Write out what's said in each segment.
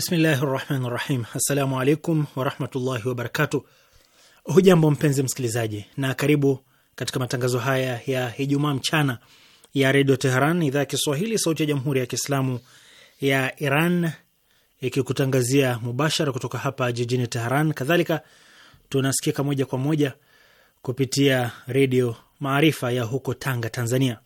Bismillahi rahmani rahim. Assalamu alaikum warahmatullahi wabarakatu. Hujambo mpenzi msikilizaji, na karibu katika matangazo haya ya Ijumaa mchana ya redio Teheran, idhaa ya Kiswahili, sauti ya jamhuri ya Kiislamu ya Iran, ikikutangazia mubashara kutoka hapa jijini Teheran. Kadhalika tunasikika moja kwa moja kupitia redio Maarifa ya huko Tanga, Tanzania.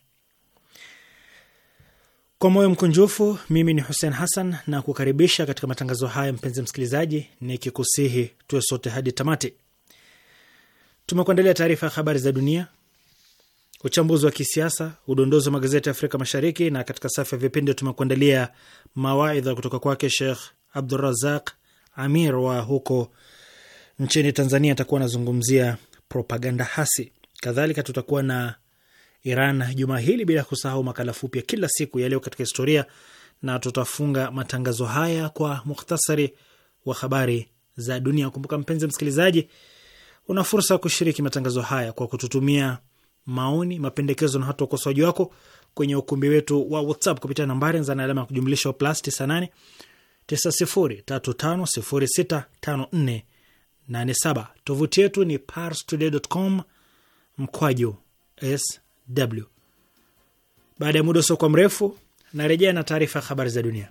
Kwa moyo mkunjufu, mimi ni Hussein Hassan na kukaribisha katika matangazo haya, mpenzi msikilizaji, nikikusihi tuwe sote hadi tamati. Tumekuandalia taarifa ya habari za dunia, uchambuzi wa kisiasa, udondozi wa magazeti ya Afrika Mashariki, na katika safu ya vipindi tumekuandalia mawaidha kutoka kwake Shekh Abdurazaq Amir wa huko nchini Tanzania. Atakuwa anazungumzia propaganda hasi. Kadhalika tutakuwa na Iran juma hili, bila kusahau makala fupi ya kila siku yaliyo katika historia, na tutafunga matangazo haya kwa mukhtasari wa habari za dunia. Kumbuka mpenzi msikilizaji, una fursa ya kushiriki matangazo haya kwa kututumia maoni, mapendekezo na hata ukosoaji wako kwenye ukumbi wetu wa WhatsApp kupitia nambari za alama ya kujumlisha plus 98 9035065487. Tovuti yetu ni parstoday.com mkwaju s DW. Baada ya muda usiokuwa mrefu narejea na taarifa ya habari za dunia.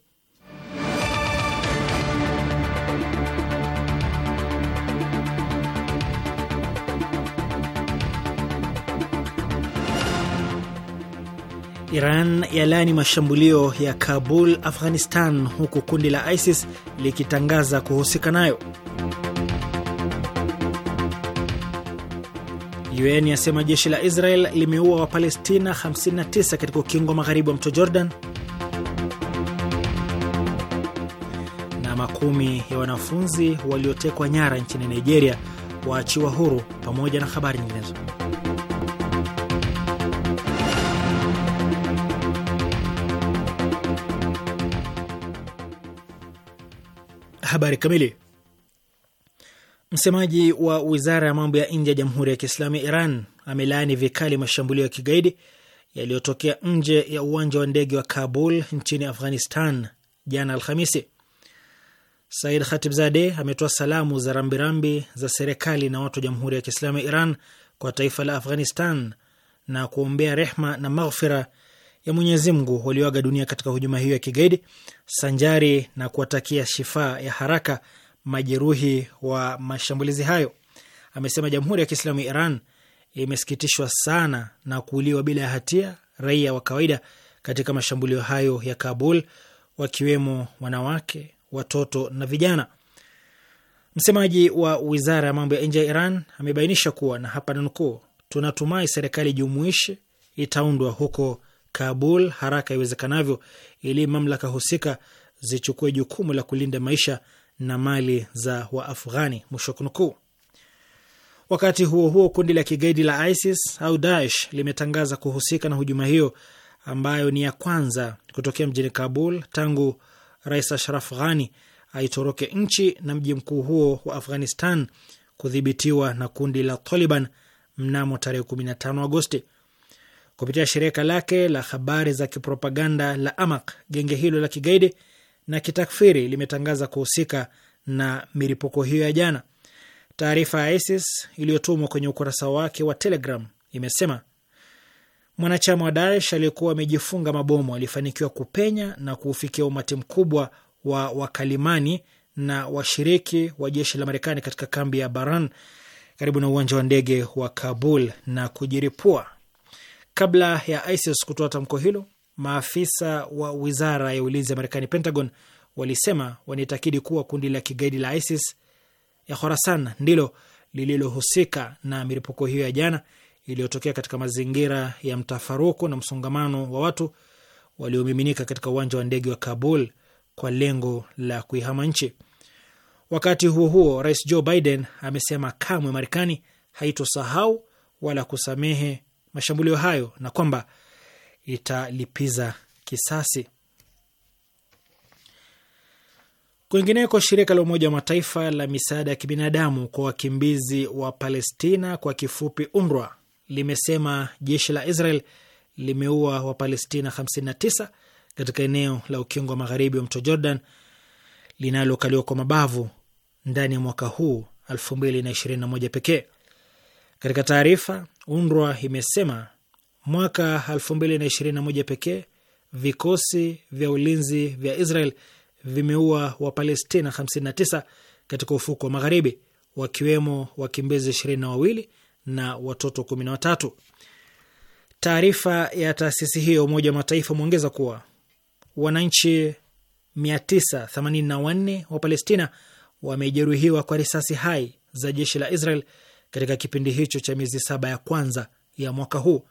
Iran yalaani mashambulio ya Kabul, Afghanistan, huku kundi la ISIS likitangaza kuhusika nayo. UN yasema jeshi la Israel limeua Wapalestina 59 katika ukingo magharibi wa mto Jordan. Na makumi ya wanafunzi waliotekwa nyara nchini Nigeria waachiwa huru, pamoja na habari nyinginezo. Habari kamili. Msemaji wa wizara ya mambo ya nje ya Jamhuri ya Kiislamu ya Iran amelaani vikali mashambulio ya kigaidi yaliyotokea nje ya uwanja wa ndege wa Kabul nchini Afghanistan jana Alhamisi. Said zade ametoa salamu za rambirambi za serikali na watu wa Jamhuri ya Kiislamu ya Iran kwa taifa la Afghanistan na kuombea rehma na maghfira ya Mwenyezi Mungu walioaga dunia katika hujuma hiyo ya kigaidi, sanjari na kuwatakia shifaa ya haraka majeruhi wa mashambulizi hayo. Amesema Jamhuri ya Kiislamu ya Iran imesikitishwa sana na kuuliwa bila ya hatia raia wa kawaida katika mashambulio hayo ya Kabul, wakiwemo wanawake, watoto na vijana. Msemaji wa wizara ya mambo ya nje ya Iran amebainisha kuwa na hapa nanukuu, tunatumai serikali jumuishi itaundwa huko Kabul haraka iwezekanavyo ili mamlaka husika zichukue jukumu la kulinda maisha na mali za Waafghani, mwisho kunukuu. Wakati huo huo, kundi la kigaidi la ISIS au Daesh limetangaza kuhusika na hujuma hiyo ambayo ni ya kwanza kutokea mjini Kabul tangu Rais Ashraf Ghani aitoroke nchi na mji mkuu huo wa Afghanistan kudhibitiwa na kundi la Taliban mnamo tarehe 15 Agosti kupitia shirika lake la habari za kipropaganda la Amaq. Genge hilo la kigaidi na kitakfiri limetangaza kuhusika na milipuko hiyo ya jana. Taarifa ya ISIS iliyotumwa kwenye ukurasa wake wa Telegram imesema mwanachama wa Daesh aliyekuwa amejifunga mabomu alifanikiwa kupenya na kuufikia umati mkubwa wa wakalimani na washiriki wa jeshi la Marekani katika kambi ya Baran karibu na uwanja wa ndege wa Kabul na kujiripua. Kabla ya ISIS kutoa tamko hilo, maafisa wa wizara ya ulinzi ya Marekani, Pentagon, walisema wanaitakidi kuwa kundi la kigaidi la ISIS ya Khorasan ndilo lililohusika na milipuko hiyo ya jana iliyotokea katika mazingira ya mtafaruku na msongamano wa watu waliomiminika katika uwanja wa ndege wa Kabul kwa lengo la kuihama nchi. Wakati huo huo, Rais Joe Biden amesema kamwe Marekani haitosahau wala kusamehe mashambulio hayo na kwamba italipiza kisasi. Kwingineko, shirika la Umoja wa Mataifa la misaada ya kibinadamu kwa wakimbizi wa Palestina, kwa kifupi UNRWA, limesema jeshi la Israel limeua Wapalestina 59 katika eneo la ukingo wa magharibi wa mto Jordan linalokaliwa kwa mabavu ndani ya mwaka huu 2021 pekee. Katika taarifa, UNRWA imesema mwaka 2021 pekee vikosi vya ulinzi vya Israel vimeua Wapalestina 59 katika ufuko wa Magharibi, wakiwemo wakimbizi 22 na wawili na watoto kumi Taarifa ya taasisi hiyo Umoja wa Mataifa umeongeza kuwa wananchi 984 wa Palestina wamejeruhiwa kwa risasi hai za jeshi la Israel katika kipindi hicho cha miezi saba ya kwanza ya mwaka huu.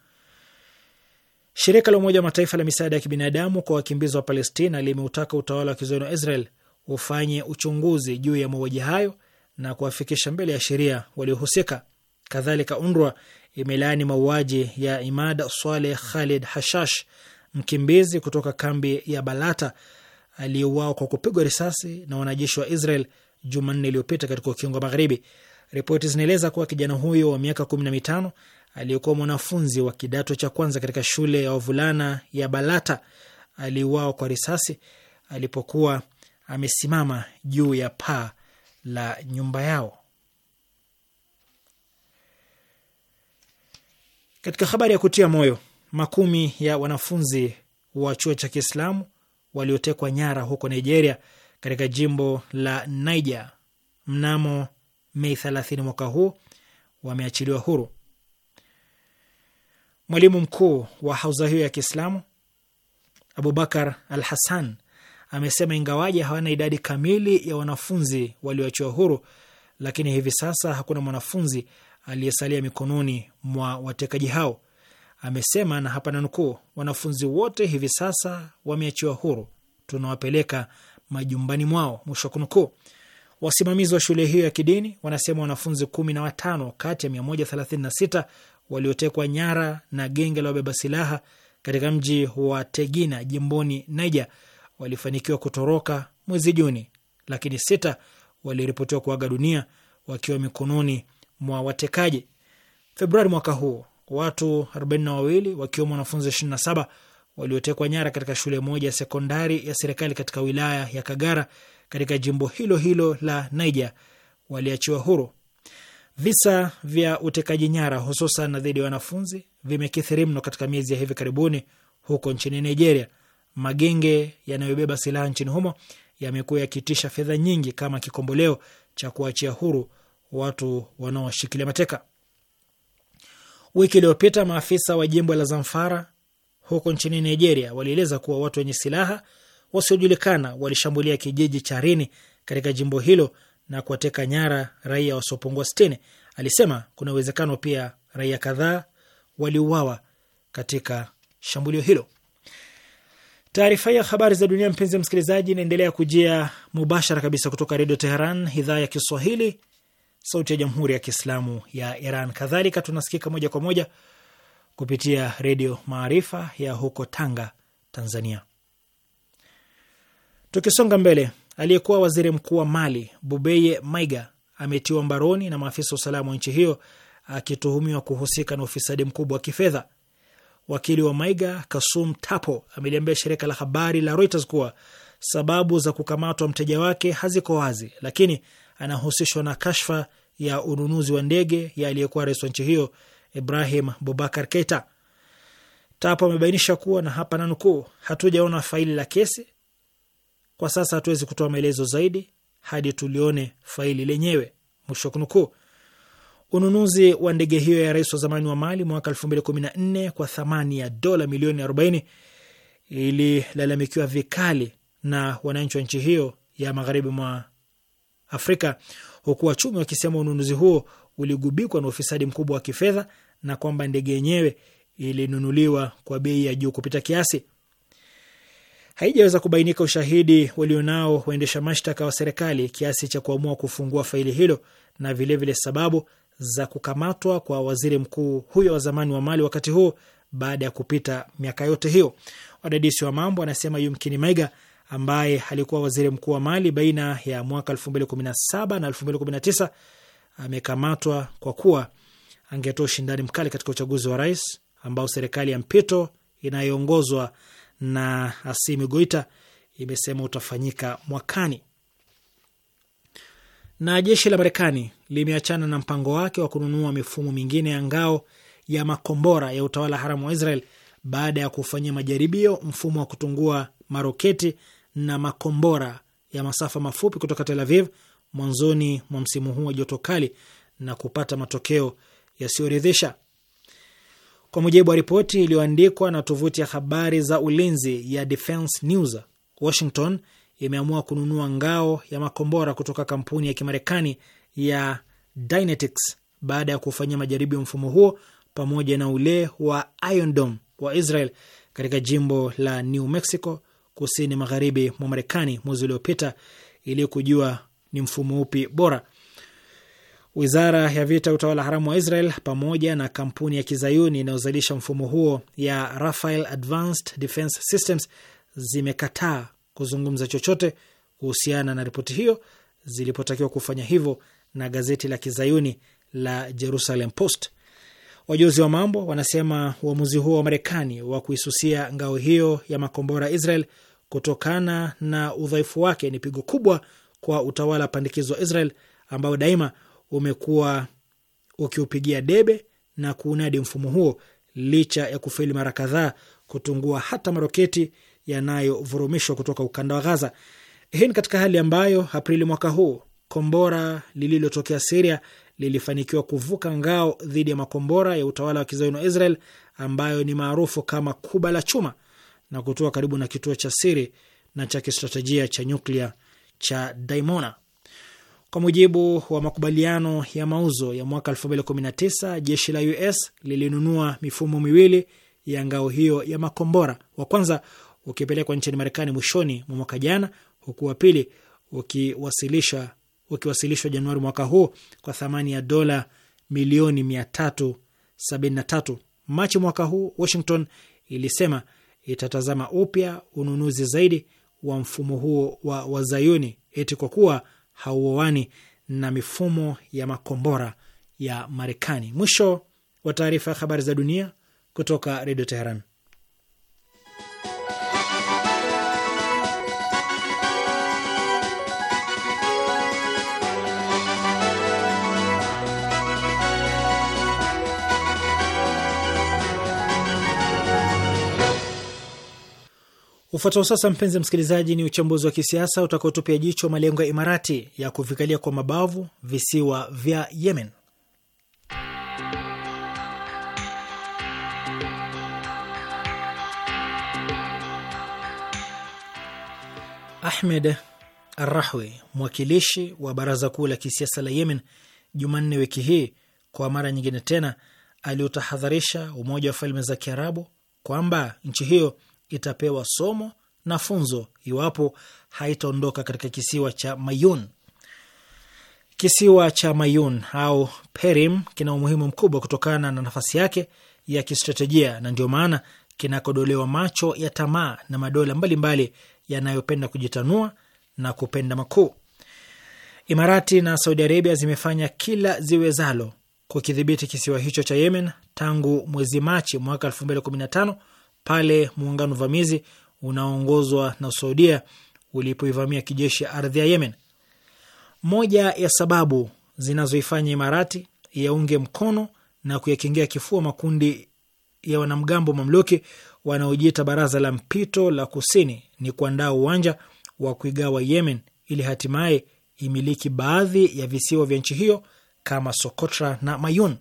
Shirika la Umoja wa Mataifa la misaada ya kibinadamu kwa wakimbizi wa Palestina limeutaka utawala wa kizayuni wa Israel ufanye uchunguzi juu ya mauaji hayo na kuwafikisha mbele ya sheria waliohusika. Kadhalika, UNRWA imelaani mauaji ya Imad Saleh Khalid Hashash, mkimbizi kutoka kambi ya Balata aliyeuawa kwa kupigwa risasi na wanajeshi wa Israel Jumanne iliyopita katika ukingo wa Magharibi. Ripoti zinaeleza kuwa kijana huyo wa miaka kumi na mitano aliyekuwa mwanafunzi wa kidato cha kwanza katika shule ya wavulana ya Balata aliuawa kwa risasi alipokuwa amesimama juu ya paa la nyumba yao. Katika habari ya kutia moyo, makumi ya wanafunzi wa chuo cha Kiislamu waliotekwa nyara huko Nigeria katika jimbo la Niger mnamo Mei 30 mwaka huu wameachiliwa huru. Mwalimu mkuu wa hauza hiyo ya Kiislamu Abubakar Al Hassan amesema ingawaje hawana idadi kamili ya wanafunzi walioachiwa huru, lakini hivi sasa hakuna mwanafunzi aliyesalia mikononi mwa watekaji hao. Amesema na hapa nanukuu, wanafunzi wote hivi sasa wameachiwa huru, tunawapeleka majumbani mwao, mwisho wa kunukuu. Wasimamizi wa shule hiyo ya kidini wanasema wanafunzi kumi na watano kati ya 136 waliotekwa nyara na genge la wabeba silaha katika mji wa Tegina jimboni Niger walifanikiwa kutoroka mwezi Juni, lakini sita waliripotiwa kuaga dunia wakiwa mikononi mwa watekaji. Februari mwaka huu watu 42 wakiwemo wanafunzi 27 waliotekwa nyara katika shule moja ya sekondari ya serikali katika wilaya ya Kagara katika jimbo hilo hilo la Niger waliachiwa huru. Visa vya utekaji nyara, hususan dhidi ya wanafunzi, vimekithiri mno katika miezi ya hivi karibuni huko nchini Nigeria. Magenge yanayobeba silaha nchini humo yamekuwa yakitisha fedha nyingi kama kikomboleo cha kuachia huru watu wanaoshikilia mateka. Wiki iliyopita maafisa wa jimbo la Zamfara huko nchini Nigeria walieleza kuwa watu wenye silaha wasiojulikana walishambulia kijiji cha Rini katika jimbo hilo na kuwateka nyara raia wasiopungua sitini. Alisema kuna uwezekano pia raia kadhaa waliuawa katika shambulio hilo. Taarifa hii ya habari za dunia, mpenzi msikilizaji, inaendelea kujia mubashara kabisa kutoka Redio Teheran, idhaa ya Kiswahili, sauti ya Jamhuri ya Kiislamu ya Iran. Kadhalika tunasikika moja kwa moja kupitia Redio Maarifa ya huko Tanga, Tanzania. Tukisonga mbele, aliyekuwa waziri mkuu wa Mali Bubeye Maiga ametiwa mbaroni na maafisa wa usalama wa nchi hiyo akituhumiwa kuhusika na ufisadi mkubwa wa kifedha. Wakili wa Maiga Kasum Tapo ameliambia shirika la habari la Reuters kuwa sababu za kukamatwa mteja wake haziko wazi, lakini anahusishwa na kashfa ya ununuzi wa ndege ya aliyekuwa rais wa nchi hiyo Ibrahim Bubakar Keita. Tapo amebainisha kuwa na hapa nanukuu, hatujaona faili la kesi kwa sasa hatuwezi kutoa maelezo zaidi hadi tulione faili lenyewe. Mwisho kunukuu. Ununuzi wa ndege hiyo ya rais wa zamani wa Mali mwaka 2014 kwa thamani ya dola milioni 40 ililalamikiwa vikali na wananchi wa nchi hiyo ya magharibi mwa Afrika, huku wachumi wakisema ununuzi huo uligubikwa na ufisadi mkubwa wa kifedha na kwamba ndege yenyewe ilinunuliwa kwa bei ya juu kupita kiasi haijaweza kubainika ushahidi walionao waendesha mashtaka wa serikali kiasi cha kuamua kufungua faili hilo na vilevile vile sababu za kukamatwa kwa waziri mkuu huyo wa zamani wa Mali wakati huo baada ya kupita miaka yote hiyo. Wadadisi wa mambo anasema yumkini Maiga ambaye alikuwa waziri mkuu wa Mali baina ya mwaka 2017 na 2019 amekamatwa kwa kuwa angetoa ushindani mkali katika uchaguzi wa rais ambao serikali ya mpito inayoongozwa na Asimi Goita imesema utafanyika mwakani. Na jeshi la Marekani limeachana na mpango wake wa kununua mifumo mingine ya ngao ya makombora ya utawala haramu wa Israel baada ya kufanyia majaribio mfumo wa kutungua maroketi na makombora ya masafa mafupi kutoka Tel Aviv mwanzoni mwa msimu huu wa joto kali na kupata matokeo yasiyoridhisha. Kwa mujibu wa ripoti iliyoandikwa na tovuti ya habari za ulinzi ya Defense News, Washington imeamua kununua ngao ya makombora kutoka kampuni ya Kimarekani ya Dynetics baada ya kufanyia majaribio ya mfumo huo pamoja na ule wa Iron Dome wa Israel katika jimbo la New Mexico kusini magharibi mwa Marekani mwezi uliopita ili kujua ni mfumo upi bora. Wizara ya vita ya utawala haramu wa Israel pamoja na kampuni ya kizayuni inayozalisha mfumo huo ya Rafael Advanced Defense Systems zimekataa kuzungumza chochote kuhusiana na ripoti hiyo zilipotakiwa kufanya hivyo na gazeti la kizayuni la Jerusalem Post. Wajuzi wa mambo wanasema uamuzi huo wa Marekani wa kuisusia ngao hiyo ya makombora Israel kutokana na udhaifu wake ni pigo kubwa kwa utawala pandikizo wa Israel ambao daima umekuwa ukiupigia debe na kuunadi mfumo huo licha ya kufeli mara kadhaa kutungua hata maroketi yanayovurumishwa kutoka ukanda wa Gaza. Hii ni katika hali ambayo Aprili mwaka huu kombora lililotokea Siria lilifanikiwa kuvuka ngao dhidi ya makombora ya utawala wa kizayuni wa Israel ambayo ni maarufu kama kuba la chuma na kutua karibu na kituo cha siri na cha kistratejia cha nyuklia cha Daimona. Kwa mujibu wa makubaliano ya mauzo ya mwaka 2019 jeshi la US lilinunua mifumo miwili ya ngao hiyo ya makombora, wa kwanza ukipelekwa nchini Marekani mwishoni mwa mwaka jana, huku wa pili ukiwasilishwa ukiwasilishwa Januari mwaka huu kwa thamani ya dola milioni 373. Machi mwaka huu Washington ilisema itatazama upya ununuzi zaidi wa mfumo huo wa wazayuni eti kwa kuwa hauoani na mifumo ya makombora ya Marekani. Mwisho wa taarifa ya habari za dunia kutoka Redio Teheran. Ufuatao sasa, mpenzi msikilizaji, ni uchambuzi wa kisiasa utakaotupia jicho malengo ya Imarati ya kuvikalia kwa mabavu visiwa vya Yemen. Ahmed Arrahwi, mwakilishi wa baraza kuu la kisiasa la Yemen, Jumanne wiki hii kwa mara nyingine tena aliutahadharisha Umoja wa Falme za Kiarabu kwamba nchi hiyo itapewa somo na funzo iwapo haitaondoka katika kisiwa cha Mayun. Kisiwa cha Mayun au Perim kina umuhimu mkubwa kutokana na nafasi yake ya kistratejia na ndio maana kinakodolewa macho ya tamaa na madola mbalimbali yanayopenda kujitanua na kupenda makuu. Imarati na Saudi Arabia zimefanya kila ziwezalo kukidhibiti kisiwa hicho cha Yemen tangu mwezi Machi mwaka 2015 pale muungano vamizi unaoongozwa na Saudia ulipoivamia kijeshi ardhi ya Yemen. Moja ya sababu zinazoifanya Imarati yaunge mkono na kuyakingia kifua makundi ya wanamgambo mamluki wanaojiita Baraza la Mpito la Kusini ni kuandaa uwanja wa kuigawa Yemen ili hatimaye imiliki baadhi ya visiwa vya nchi hiyo kama Sokotra na Mayun.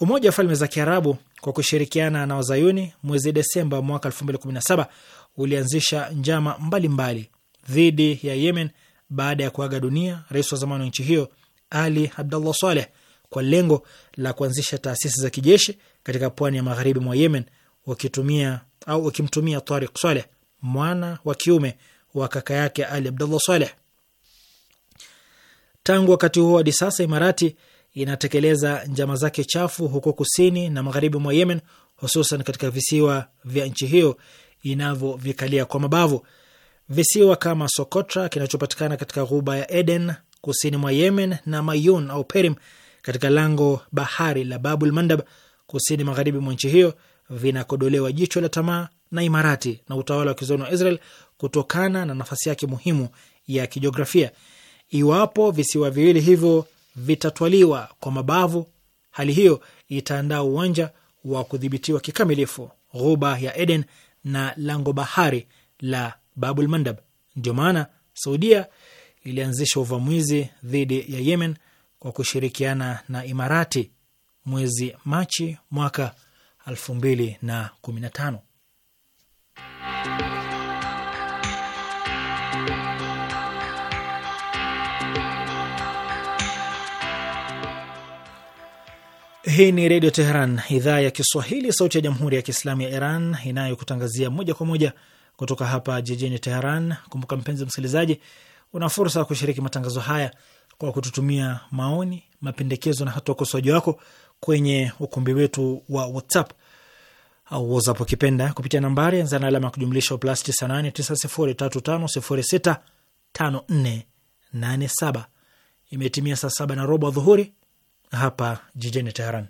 Umoja wa Falme za Kiarabu kwa kushirikiana na Wazayuni mwezi Desemba mwaka 2017 ulianzisha njama mbalimbali dhidi mbali ya Yemen baada ya kuaga dunia rais wa zamani wa nchi hiyo Ali Abdullah Saleh kwa lengo la kuanzisha taasisi za kijeshi katika pwani ya magharibi mwa Yemen wakitumia au wakimtumia Tariq Saleh mwana wa kiume wa kaka yake Ali Abdullah Saleh. Tangu wakati huo hadi sasa Imarati inatekeleza njama zake chafu huko kusini na magharibi mwa Yemen, hususan katika visiwa vya nchi hiyo inavyovikalia kwa mabavu. Visiwa kama Sokotra kinachopatikana katika ghuba ya Eden kusini mwa Yemen na Mayun au Perim katika lango bahari la Babul Mandab kusini magharibi mwa nchi hiyo vinakodolewa jicho la tamaa na Imarati na utawala wa kizoni wa Israel kutokana na nafasi yake muhimu ya kijiografia. Iwapo visiwa viwili hivyo vitatwaliwa kwa mabavu, hali hiyo itaandaa uwanja wa kudhibitiwa kikamilifu ghuba ya Eden na lango bahari la Babul Mandab. Ndio maana Saudia ilianzisha uvamizi dhidi ya Yemen kwa kushirikiana na Imarati mwezi Machi mwaka 215 Hii ni Redio Teheran, idhaa ya Kiswahili, sauti ya Jamhuri ya Kiislamu ya Iran inayokutangazia moja kwa moja kutoka hapa jijini Teheran. Kumbuka mpenzi msikilizaji, una fursa ya kushiriki matangazo haya kwa kututumia maoni, mapendekezo na hata ukosoaji wako kwenye ukumbi wetu wa WhatsApp au WhatsApp ukipenda kupitia nambari anza na alama ya kujumlisha plus 989035065487. Imetimia saa saba na robo adhuhuri hapa jijini Teheran.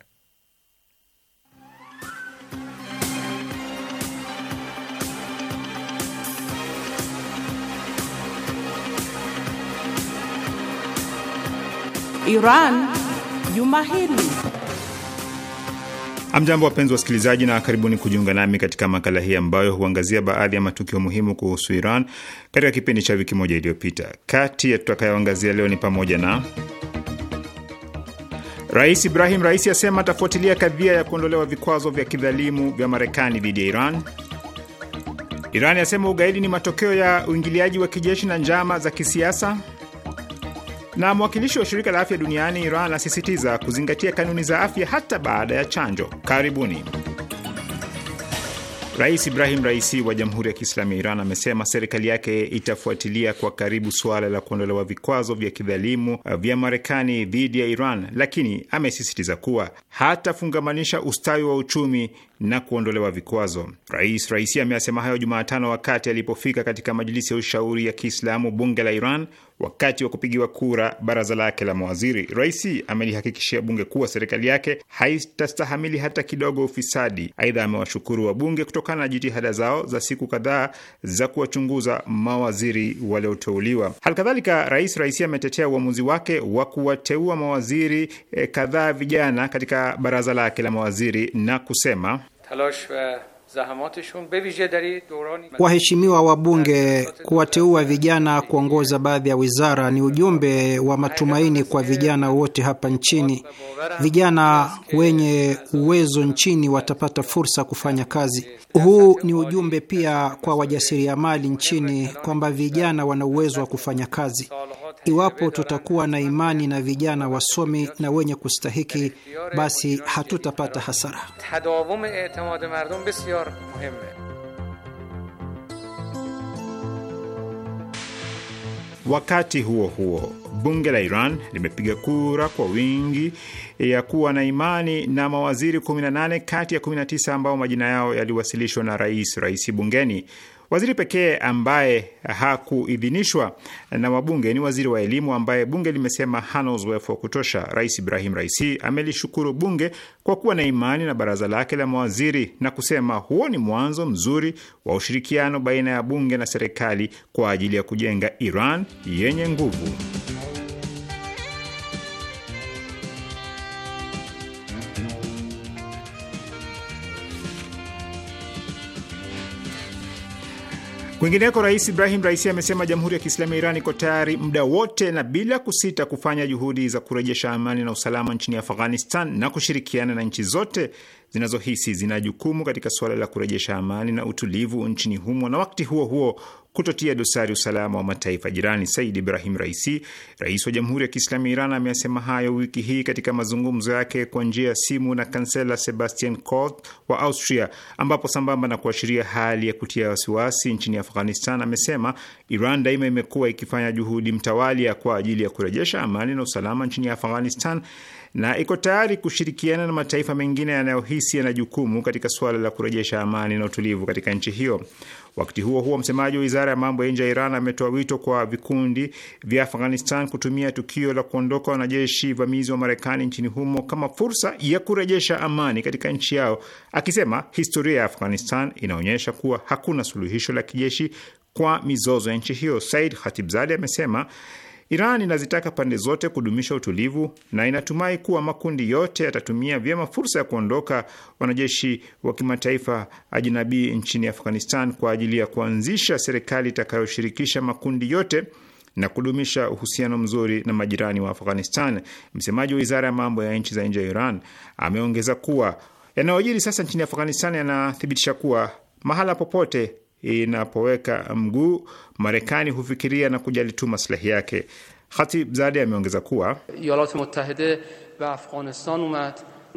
Iran Juma Hili. Amjambo, wapenzi wasikilizaji, na karibuni kujiunga nami katika makala hii ambayo huangazia baadhi ya matukio muhimu kuhusu Iran katika kipindi cha wiki moja iliyopita. Kati ya tutakayoangazia leo ni pamoja na Rais Ibrahim Raisi asema atafuatilia kadhia ya kuondolewa vikwazo vya kidhalimu vya Marekani dhidi ya Iran. Iran yasema ugaidi ni matokeo ya uingiliaji wa kijeshi na njama za kisiasa. Na mwakilishi wa shirika la afya duniani Iran asisitiza kuzingatia kanuni za afya hata baada ya chanjo. Karibuni. Rais Ibrahim Raisi wa Jamhuri ya Kiislamu ya Iran amesema serikali yake itafuatilia kwa karibu suala la kuondolewa vikwazo vya kidhalimu uh, vya Marekani dhidi ya Iran, lakini amesisitiza kuwa hatafungamanisha ustawi wa uchumi na kuondolewa vikwazo. Rais Raisi ameyasema hayo Jumatano wakati alipofika katika Majilisi ya Ushauri ya Kiislamu, bunge la Iran wakati wa kupigiwa kura baraza lake la mawaziri. Raisi amelihakikishia bunge kuwa serikali yake haitastahamili hata kidogo ufisadi. Aidha, amewashukuru wabunge kutokana na jitihada zao za siku kadhaa za kuwachunguza mawaziri walioteuliwa. Halikadhalika, Rais Raisi ametetea uamuzi wake wa kuwateua mawaziri eh, kadhaa vijana katika baraza lake la mawaziri na kusema Talosh uh, Waheshimiwa wabunge, kuwateua vijana kuongoza baadhi ya wizara ni ujumbe wa matumaini kwa vijana wote hapa nchini. Vijana wenye uwezo nchini watapata fursa kufanya kazi. Huu ni ujumbe pia kwa wajasiriamali nchini kwamba vijana wana uwezo wa kufanya kazi. Iwapo tutakuwa na imani na vijana wasomi na wenye kustahiki, basi hatutapata hasara. أكثر مهمة Wakati huo huo, bunge la Iran limepiga kura kwa wingi ya kuwa na imani na mawaziri 18 kati ya 19 ambao majina yao yaliwasilishwa na rais rais bungeni. Waziri pekee ambaye hakuidhinishwa na wabunge ni waziri wa elimu ambaye bunge limesema hana uzoefu wa kutosha. Rais Ibrahim Raisi amelishukuru bunge kwa kuwa na imani na baraza lake la mawaziri na kusema huo ni mwanzo mzuri wa ushirikiano baina ya bunge na serikali kwa ajili ya kujenga Iran yenye nguvu. Kwingineko, Rais Ibrahim Raisi amesema Jamhuri ya Kiislamu ya Iran iko tayari muda wote na bila kusita kufanya juhudi za kurejesha amani na usalama nchini Afghanistan na kushirikiana na nchi zote zinazohisi zina jukumu katika suala la kurejesha amani na utulivu nchini humo, na wakati huo huo kutotia dosari usalama wa mataifa jirani. Said Ibrahim Raisi, rais wa Jamhuri ya Kiislamu ya Iran, ameasema hayo wiki hii katika mazungumzo yake kwa njia ya simu na kansela Sebastian Kurz wa Austria, ambapo sambamba na kuashiria hali ya kutia wasiwasi nchini Afghanistan, amesema Iran daima imekuwa ikifanya juhudi mtawalia kwa ajili ya kurejesha amani na usalama nchini Afghanistan na iko tayari kushirikiana na mataifa mengine yanayohisi yana jukumu katika suala la kurejesha amani na utulivu katika nchi hiyo. Wakati huo huo, msemaji wa wizara ya mambo ya nje ya Iran ametoa wito kwa vikundi vya Afghanistan kutumia tukio la kuondoka wanajeshi vamizi wa Marekani nchini humo kama fursa ya kurejesha amani katika nchi yao, akisema historia ya Afghanistan inaonyesha kuwa hakuna suluhisho la kijeshi kwa mizozo ya nchi hiyo. Said Khatibzadeh amesema Iran inazitaka pande zote kudumisha utulivu na inatumai kuwa makundi yote yatatumia vyema fursa ya kuondoka wanajeshi wa kimataifa ajinabii nchini Afghanistan kwa ajili ya kuanzisha serikali itakayoshirikisha makundi yote na kudumisha uhusiano mzuri na majirani wa Afghanistan. Msemaji wa wizara ya mambo ya nchi za nje ya Iran ameongeza kuwa yanayojiri sasa nchini Afghanistan yanathibitisha kuwa mahala popote inapoweka mguu, Marekani hufikiria na kujali tu maslahi yake. zadi ameongeza kuwa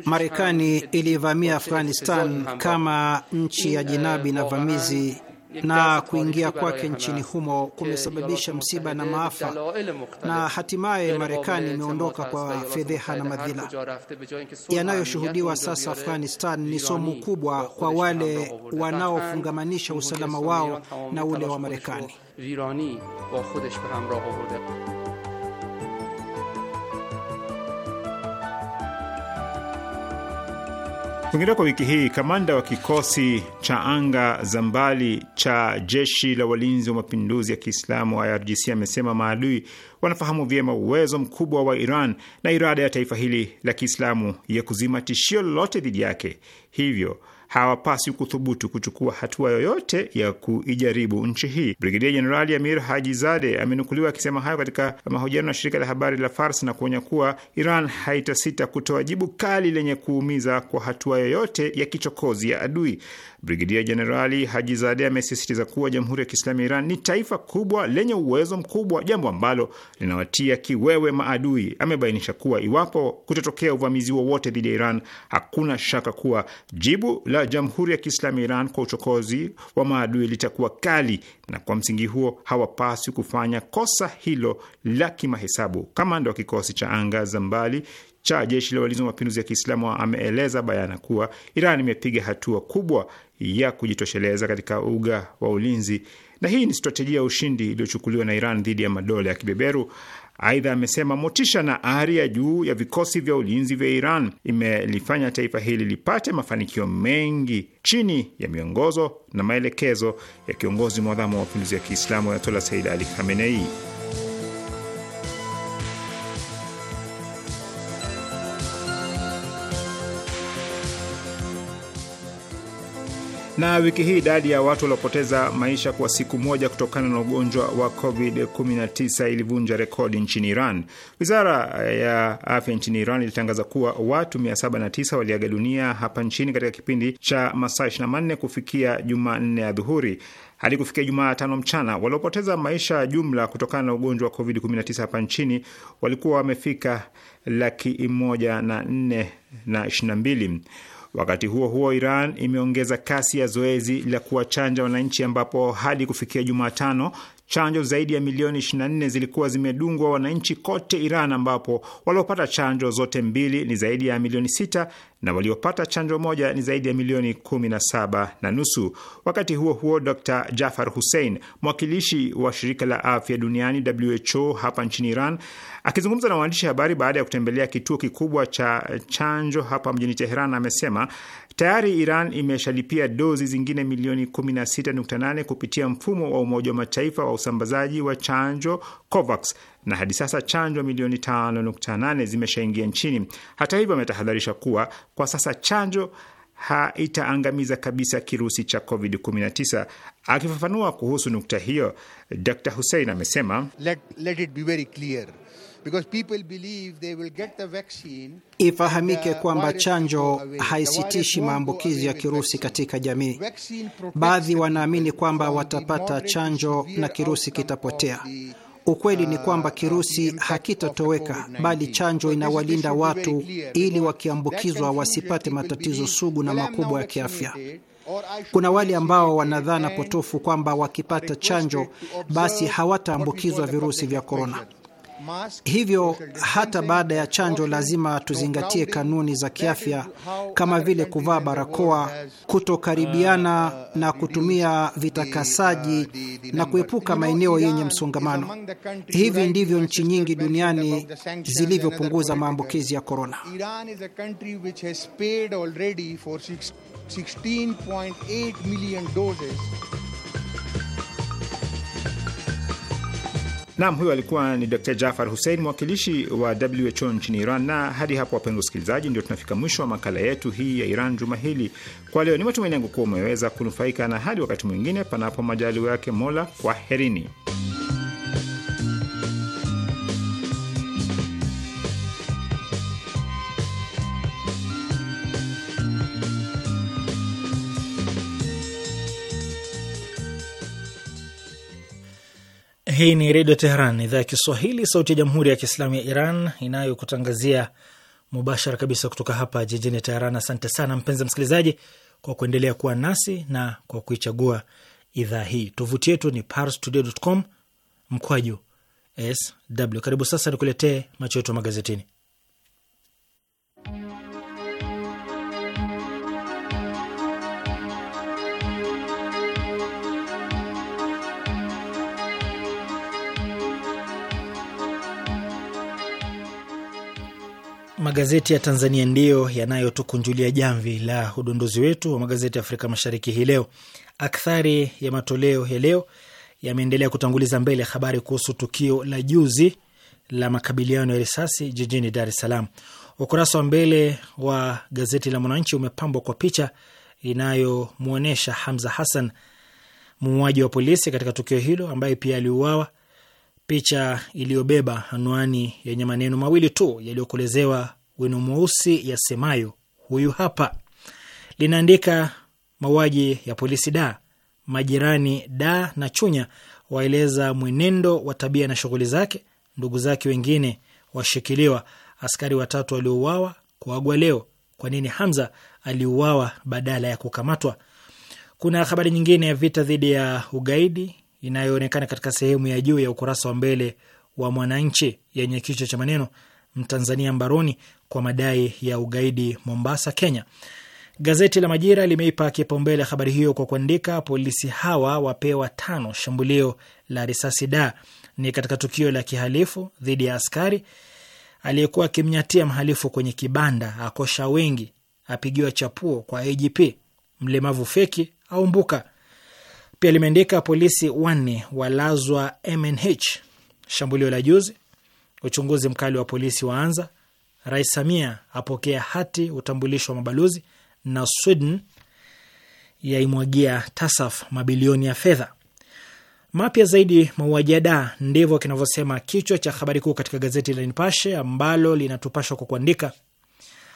Marekani ilivamia Afghanistan kama nchi ya jinabi na vamizi na kuingia kwake nchini humo kumesababisha msiba na maafa, na hatimaye Marekani imeondoka kwa fedheha na madhila. Yanayoshuhudiwa sasa Afghanistan ni somo kubwa kwa wale wanaofungamanisha usalama wao na ule wa Marekani. Kwingineko kwa wiki hii, kamanda wa kikosi cha anga za mbali cha jeshi la walinzi wa mapinduzi ya Kiislamu IRGC amesema maadui wanafahamu vyema uwezo mkubwa wa Iran na irada ya taifa hili la Kiislamu ya kuzima tishio lolote dhidi yake, hivyo hawapasi kuthubutu kuchukua hatua yoyote ya kuijaribu nchi hii. Brigedia Jenerali Amir Haji Zade amenukuliwa akisema hayo katika mahojiano na shirika la habari la Fars na kuonya kuwa Iran haitasita kutoa jibu kali lenye kuumiza kwa hatua yoyote ya kichokozi ya adui. Brigedia Jenerali Haji Zade amesisitiza kuwa Jamhuri ya Kiislamu ya Iran ni taifa kubwa lenye uwezo mkubwa, jambo ambalo linawatia kiwewe maadui. Amebainisha kuwa iwapo kutotokea uvamizi wowote dhidi ya Iran, hakuna shaka kuwa jibu la Jamhuri ya Kiislamu ya Iran kwa uchokozi wa maadui litakuwa kali, na kwa msingi huo hawapaswi kufanya kosa hilo la kimahesabu. Kamanda wa kikosi cha anga za mbali cha jeshi la walinzi wa mapinduzi ya Kiislamu ameeleza bayana kuwa Iran imepiga hatua kubwa ya kujitosheleza katika uga wa ulinzi, na hii ni stratejia ya ushindi iliyochukuliwa na Iran dhidi ya madola ya kibeberu. Aidha, amesema motisha na ari ya juu ya vikosi vya ulinzi vya Iran imelifanya taifa hili lipate mafanikio mengi chini ya miongozo na maelekezo ya kiongozi mwadhamu wa mapinduzi ya Kiislamu Ayatollah Said Ali Khamenei. Na wiki hii idadi ya watu waliopoteza maisha kwa siku moja kutokana na ugonjwa wa COVID-19 ilivunja rekodi nchini Iran. Wizara eh, ya afya nchini Iran ilitangaza kuwa watu 709 waliaga dunia hapa nchini katika kipindi cha masaa 24 kufikia Jumanne ya dhuhuri hadi kufikia Jumatano mchana. Waliopoteza maisha jumla kutokana na ugonjwa wa COVID-19 hapa nchini walikuwa wamefika laki moja na nne na ishirini na mbili. Wakati huo huo, Iran imeongeza kasi ya zoezi la kuwachanja wananchi ambapo hadi kufikia Jumatano Chanjo zaidi ya milioni 24 zilikuwa zimedungwa wananchi kote Iran, ambapo waliopata chanjo zote mbili ni zaidi ya milioni sita na waliopata chanjo moja ni zaidi ya milioni 17 na nusu. Wakati huo huo, Dr Jafar Hussein, mwakilishi wa shirika la afya duniani WHO hapa nchini Iran, akizungumza na waandishi habari baada ya kutembelea kituo kikubwa cha chanjo hapa mjini Teheran, amesema Tayari Iran imeshalipia dozi zingine milioni 16.8 kupitia mfumo wa Umoja wa Mataifa wa usambazaji wa chanjo COVAX na hadi sasa chanjo milioni 5.8 zimeshaingia nchini. Hata hivyo, ametahadharisha kuwa kwa sasa chanjo haitaangamiza kabisa kirusi cha COVID-19. Akifafanua kuhusu nukta hiyo, Dr Hussein amesema let, let Ifahamike kwamba chanjo haisitishi maambukizi ya kirusi katika jamii. Baadhi wanaamini kwamba watapata chanjo na kirusi kitapotea. Ukweli ni uh, kwamba kirusi hakitatoweka, bali chanjo inawalinda watu ili wakiambukizwa wasipate matatizo sugu na makubwa ya kiafya. Kuna wale ambao wanadhana potofu kwamba wakipata chanjo basi hawataambukizwa virusi vya korona. Hivyo hata baada ya chanjo lazima tuzingatie kanuni za kiafya kama vile kuvaa barakoa, kutokaribiana na kutumia vitakasaji na kuepuka maeneo yenye msongamano. Hivi ndivyo nchi nyingi duniani zilivyopunguza maambukizi ya korona. Nam, huyo alikuwa ni Dr Jafar Hussein, mwakilishi wa WHO nchini Iran. Na hadi hapo, wapenzi wasikilizaji, ndio tunafika mwisho wa makala yetu hii ya Iran juma hili kwa leo. Ni matumaini yangu kuwa umeweza kunufaika, na hadi wakati mwingine, panapo majaliwa yake Mola, kwaherini. Hii ni Redio Teheran, idhaa ya Kiswahili, sauti ya Jamhuri ya Kiislamu ya Iran inayokutangazia mubashara kabisa kutoka hapa jijini Teheran. Asante sana mpenzi msikilizaji kwa kuendelea kuwa nasi na kwa kuichagua idhaa hii. Tovuti yetu ni parstoday.com mkwaju sw. Karibu sasa nikuletee macho yetu magazetini. Magazeti ya Tanzania ndiyo yanayotukunjulia jamvi la udondozi wetu wa magazeti ya Afrika Mashariki hii leo. Akthari ya matoleo ya leo yameendelea kutanguliza mbele habari kuhusu tukio la juzi la makabiliano ya risasi jijini Dar es Salaam. Ukurasa wa mbele wa gazeti la Mwananchi umepambwa kwa picha inayomwonyesha Hamza Hassan, muuaji wa polisi katika tukio hilo, ambaye pia aliuawa picha iliyobeba anwani yenye maneno mawili tu yaliyokolezewa wino mweusi yasemayo huyu hapa, linaandika mauaji ya polisi da majirani da na Chunya waeleza mwenendo wa tabia na shughuli zake. Ndugu zake wengine washikiliwa. Askari watatu waliouawa kuagwa leo. Kwa nini Hamza aliuawa badala ya kukamatwa? Kuna habari nyingine ya vita dhidi ya ugaidi inayoonekana katika sehemu ya juu ya ukurasa wa mbele wa Mwananchi yenye kichwa cha maneno Mtanzania mbaroni kwa madai ya ugaidi Mombasa, Kenya. Gazeti la Majira limeipa kipaumbele habari hiyo kwa kuandika polisi hawa wapewa tano shambulio la risasi da. Ni katika tukio la kihalifu dhidi ya askari aliyekuwa akimnyatia mhalifu kwenye kibanda, akosha wengi, apigiwa chapuo kwa AGP, mlemavu feki au mbuka pia limeandika polisi wanne walazwa MNH, shambulio la juzi, uchunguzi mkali wa polisi waanza, Rais Samia apokea hati utambulisho wa mabalozi, na Sweden yaimwagia TASAF mabilioni ya fedha. Mapya zaidi mauajada, ndivyo kinavyosema kichwa cha habari kuu katika gazeti la Nipashe ambalo linatupashwa kwa kuandika,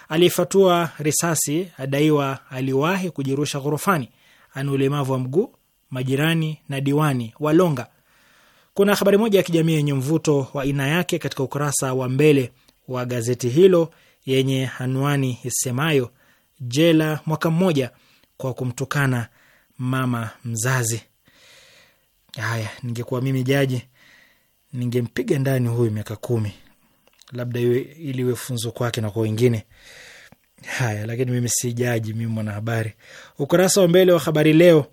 aliyefatua risasi adaiwa aliwahi kujirusha ghorofani, ana ulemavu wa mguu majirani na diwani Walonga. Kuna habari moja ya kijamii yenye mvuto wa aina yake katika ukurasa wa mbele wa gazeti hilo yenye anwani isemayo jela mwaka mmoja kwa kumtukana mama mzazi. Haya, ningekuwa mimi jaji, ningempiga ndani huyu miaka kumi, labda iwe ili iwe funzo kwake na kwa wengine. Haya, lakini mimi si jaji, mimi mwanahabari. Ukurasa wa mbele wa Habari Leo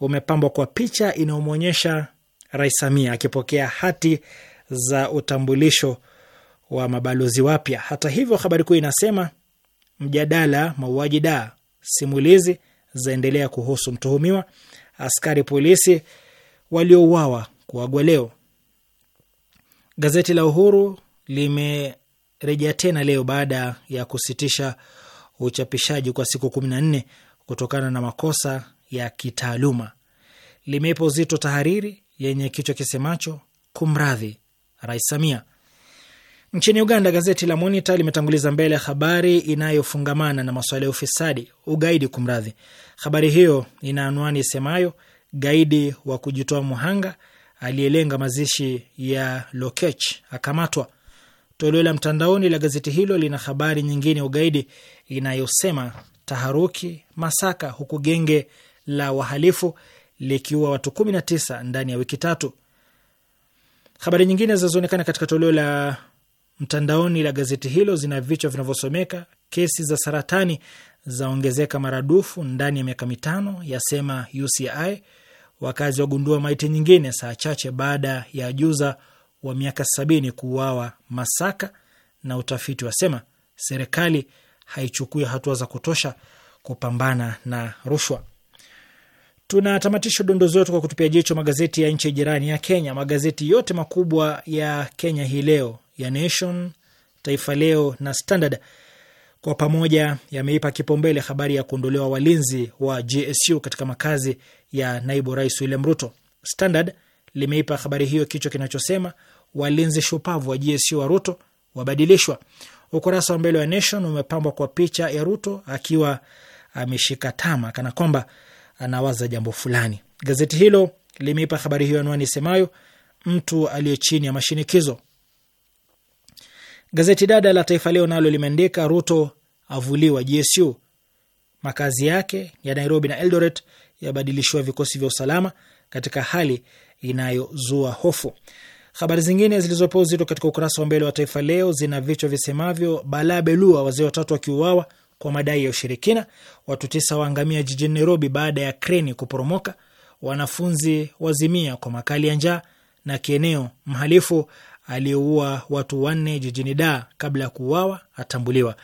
umepambwa kwa picha inayomwonyesha Rais Samia akipokea hati za utambulisho wa mabalozi wapya. Hata hivyo, habari kuu inasema mjadala mauaji da, simulizi zaendelea kuhusu mtuhumiwa, askari polisi waliouawa kuagwa leo. Gazeti la Uhuru limerejea tena leo baada ya kusitisha uchapishaji kwa siku kumi na nne kutokana na makosa ya kitaaluma limeipa uzito tahariri yenye kichwa kisemacho kumradhi Rais Samia. Nchini Uganda, gazeti la Monita limetanguliza mbele habari inayofungamana na masuala ya ufisadi, ugaidi kumradhi. Habari hiyo ina anwani isemayo gaidi wa kujitoa muhanga aliyelenga mazishi ya Lokech akamatwa. Toleo la mtandaoni la gazeti hilo lina habari nyingine ugaidi inayosema taharuki Masaka, huku genge la wahalifu likiua watu 19 ndani ya wiki tatu. Habari nyingine zinazoonekana katika toleo la mtandaoni la gazeti hilo zina vichwa vinavyosomeka kesi za saratani zaongezeka maradufu ndani ya miaka mitano, yasema UCI. Wakazi wagundua maiti nyingine saa chache baada ya juza wa miaka sabini kuuawa Masaka, na utafiti wasema serikali haichukui hatua za kutosha kupambana na rushwa. Tunatamatisha udondozi zetu kwa kutupia jicho magazeti ya nchi jirani ya Kenya. Magazeti yote makubwa ya Kenya hii leo ya Nation, Taifa Leo na Standard kwa pamoja yameipa kipaumbele habari ya kuondolewa walinzi wa GSU katika makazi ya naibu rais William Ruto. Standard limeipa habari hiyo kichwa kinachosema walinzi shupavu wa GSU wa Ruto wabadilishwa. Ukurasa wa mbele wa Nation umepambwa kwa picha ya Ruto akiwa ameshika tama kana kwamba anawaza jambo fulani. Gazeti hilo limeipa habari hiyo anwani isemayo mtu aliye chini ya mashinikizo. Gazeti dada la Taifa Leo nalo limeandika Ruto avuliwa GSU, makazi yake ya Nairobi na Eldoret yabadilishiwa vikosi vya usalama katika hali inayozua hofu. Habari zingine zilizopewa uzito katika ukurasa wa mbele wa Taifa Leo zina vichwa visemavyo: balaa Belua, wazee watatu wakiuawa kwa madai ya ushirikina. Watu tisa waangamia jijini Nairobi baada ya kreni kuporomoka. Wanafunzi wazimia kwa makali ya njaa. Na kieneo, mhalifu aliyeua watu wanne jijini Daa kabla ya kuuawa atambuliwa.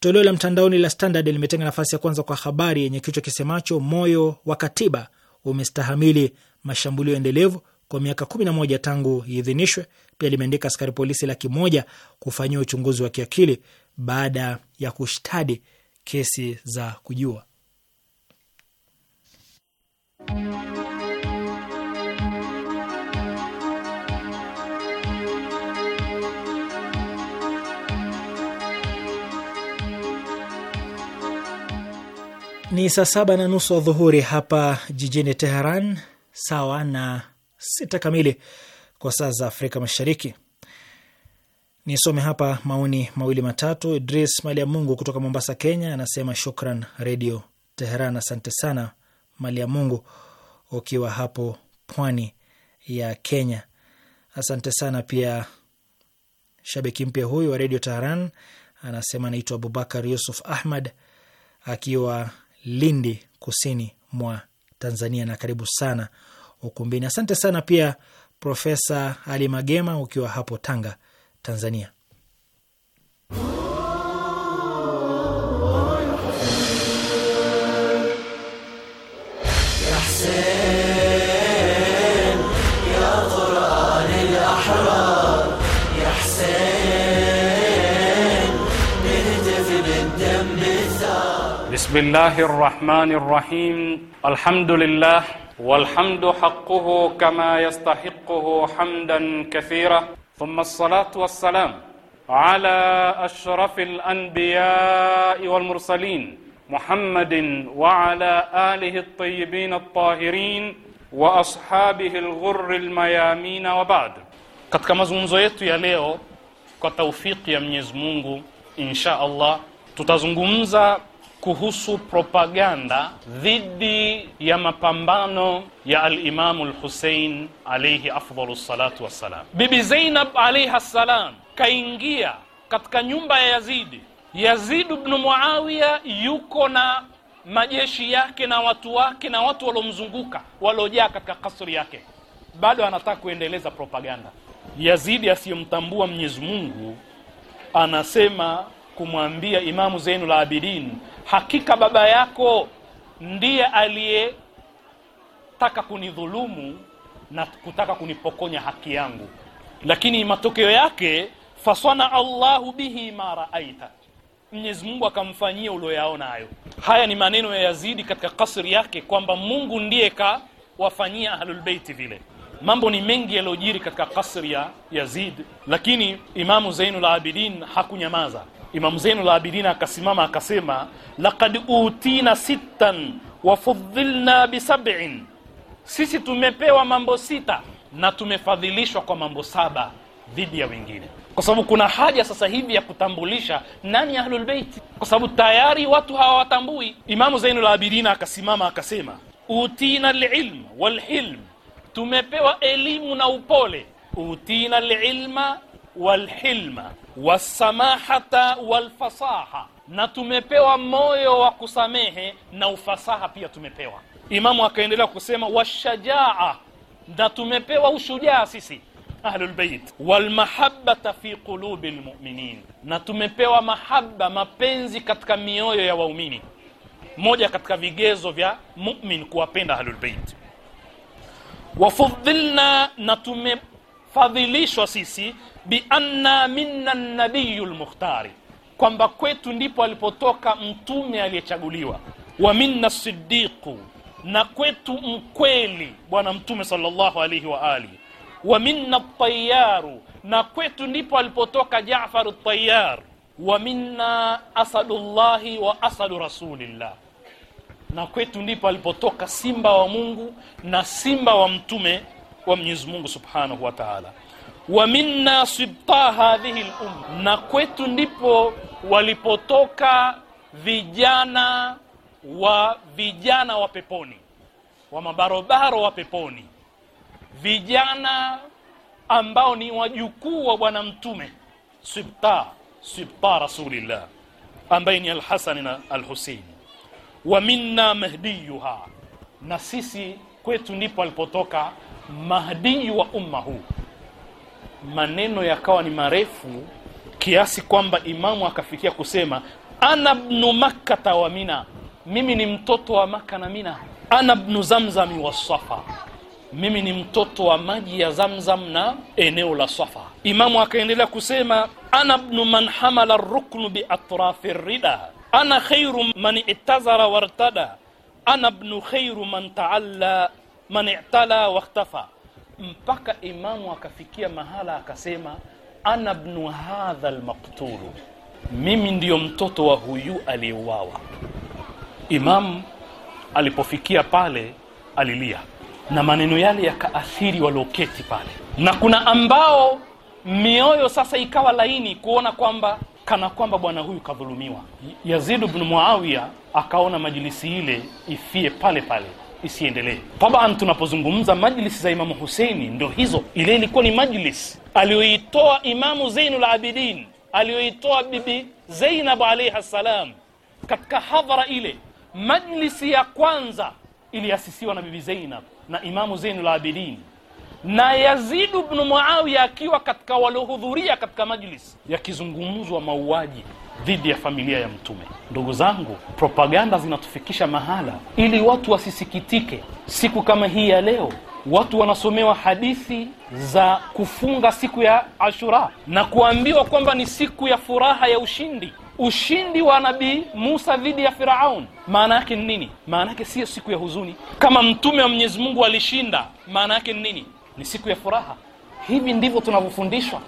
Toleo la mtandaoni la Standard limetenga nafasi ya kwanza kwa habari yenye kichwa kisemacho moyo wa katiba umestahamili mashambulio endelevu kwa miaka kumi na moja tangu iidhinishwe. Pia limeandika askari polisi laki moja kufanyia uchunguzi wa kiakili baada ya kushtadi kesi za kujua. Ni saa saba na nusu dhuhuri hapa jijini Teheran, sawa na sita kamili kwa saa za Afrika Mashariki. Nisome hapa maoni mawili matatu. Idris Mali ya Mungu kutoka Mombasa, Kenya anasema shukran Redio Teheran. Asante sana Mali ya Mungu ukiwa hapo pwani ya Kenya. Asante sana pia shabiki mpya huyu wa Redio Teheran anasema anaitwa Abubakar Yusuf Ahmad akiwa Lindi, kusini mwa Tanzania, na karibu sana ukumbini. Asante sana pia Profesa Ali Magema ukiwa hapo Tanga, Tanzania. بسم الله الرحمن الرحيم الحمد لله والحمد حقه كما يستحقه حمدا كثيرا ثم الصلاة والسلام على أشرف الأنبياء والمرسلين محمد وعلى آله الطيبين الطاهرين وأصحابه الغر الميامين وبعد katika mazungumzo yetu ya leo kwa يا ya mwenyezi mungu insha allah tutazungumza kuhusu propaganda dhidi ya mapambano ya alimamu Lhusein alaihi afdalu salatu wassalam. Bibi Zainab alaiha ssalam kaingia katika nyumba ya Yazidi. Yazid bnu Muawiya yuko na majeshi yake na watu wake na watu waliomzunguka waliojaa katika kasri yake, bado anataka kuendeleza propaganda. Yazidi asiyemtambua Mwenyezi Mungu anasema kumwambia Imamu Zainul Abidin, hakika baba yako ndiye aliyetaka kunidhulumu na kutaka kunipokonya haki yangu, lakini matokeo yake fasana Allahu bihi ma raaita, Mwenyezi Mungu akamfanyia ulioyaona hayo. Haya ni maneno ya Yazidi katika kasri yake kwamba Mungu ndiye kawafanyia ahlulbeiti vile. Mambo ni mengi yaliyojiri katika kasri ya Yazid, lakini Imamu Zainul Abidin hakunyamaza. Imamu la abidina akasimama akasema, laqad utina sittan wafuddhilna bisab'in, sisi tumepewa mambo sita na tumefadhilishwa kwa mambo saba dhidi ya wengine, kwa sababu kuna haja sasa hivi ya kutambulisha nani ahlul bait, kwa sababu tayari watu hawawatambui. Imamu la abidina akasimama akasema, utina alilm walhilm, tumepewa elimu na upole. Utina alilma walhilma wasamahata walfasaha, na tumepewa moyo wa kusamehe na ufasaha pia tumepewa. Imamu akaendelea kusema washajaa, na tumepewa ushujaa sisi ahlulbeit, walmahabata fi qulubi lmuminin, na tumepewa mahaba, mapenzi katika mioyo ya waumini. Moja katika vigezo vya mumin kuwapenda ahlulbeit. Wafudhilna, na tume tumefadhilishwa sisi bianna minna nabiyu lmukhtari kwamba kwetu ndipo alipotoka mtume aliyechaguliwa wa minna sidiqu na kwetu mkweli bwana mtume sallallahu alaihi wa alihi wa minna tayaru na kwetu ndipo alipotoka Jaafar at-Tayyar wa minna asadullahi wa asadu rasulillah na kwetu ndipo alipotoka simba wa Mungu na simba wa mtume wa Mwenyezi Mungu Subhanahu wa Ta'ala. Wa minna sibta hadhihi al-umma, na kwetu ndipo walipotoka vijana wa vijana wa peponi, wa mabarobaro wa peponi, vijana ambao ni wajukuu wa Bwana Mtume sibta sibta Rasulillah, ambaye ni alhasani na al Wa minna mahdiyuha, na sisi kwetu ndipo alipotoka mahdii wa umma huu. Maneno yakawa ni marefu kiasi kwamba imamu akafikia kusema ana bnu makkata wa mina, mimi ni mtoto wa Maka na Mina. Ana bnu zamzami wa Safa, mimi ni mtoto wa maji ya Zamzam na eneo la Safa. Imamu akaendelea kusema ana bnu man hamala ruknu biatrafi rida ana khairu man itazara wartada ana bnu khairu man taalla man i'tala wakhtafa mpaka imamu akafikia mahala akasema ana ibn hadha lmaktulu mimi ndiyo mtoto wa huyu aliyeuawa imamu alipofikia pale alilia na maneno yale yakaathiri walioketi pale na kuna ambao mioyo sasa ikawa laini kuona kwamba kana kwamba bwana huyu kadhulumiwa yazid bnu muawiya akaona majilisi ile ifie pale pale isiendelee. Taban, tunapozungumza majlisi za Imamu Huseini ndo hizo, ile ilikuwa ni majlisi aliyoitoa Imamu Zeinul Abidin, aliyoitoa Bibi zeinab alaihi ssalam katika hadhara ile. Majlisi ya kwanza iliasisiwa na Bibi zeinab na Imamu Zeinul Abidin na Yazidu bnu Muawiya akiwa katika waliohudhuria katika majlisi yakizungumzwa mauaji dhidi ya familia ya Mtume. Ndugu zangu, propaganda zinatufikisha mahala, ili watu wasisikitike. Siku kama hii ya leo watu wanasomewa hadithi za kufunga siku ya Ashura na kuambiwa kwamba ni siku ya furaha ya ushindi, ushindi wa Nabii Musa dhidi ya Firaun. Maana yake ni nini? Maana yake siyo siku ya huzuni. Kama mtume wa Mwenyezi Mungu alishinda, maana yake ni nini? Ni siku ya furaha. Hivi ndivyo tunavyofundishwa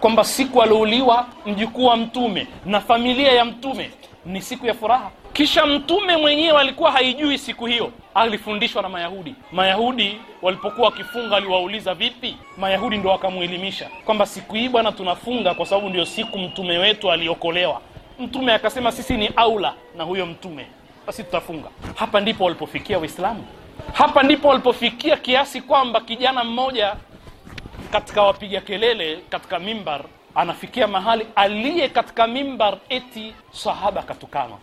kwamba siku aliouliwa mjukuu wa mtume na familia ya mtume ni siku ya furaha. Kisha mtume mwenyewe alikuwa haijui siku hiyo, alifundishwa na Mayahudi. Mayahudi walipokuwa wakifunga aliwauliza vipi, Mayahudi ndo wakamwelimisha kwamba siku hii bwana, tunafunga kwa sababu ndio siku mtume wetu aliokolewa. Mtume akasema sisi ni aula na huyo mtume, basi tutafunga. Hapa ndipo walipofikia Waislamu, hapa ndipo walipofikia kiasi kwamba kijana mmoja katika wapiga kelele katika mimbar, anafikia mahali aliye katika mimbar eti sahaba katukanwa,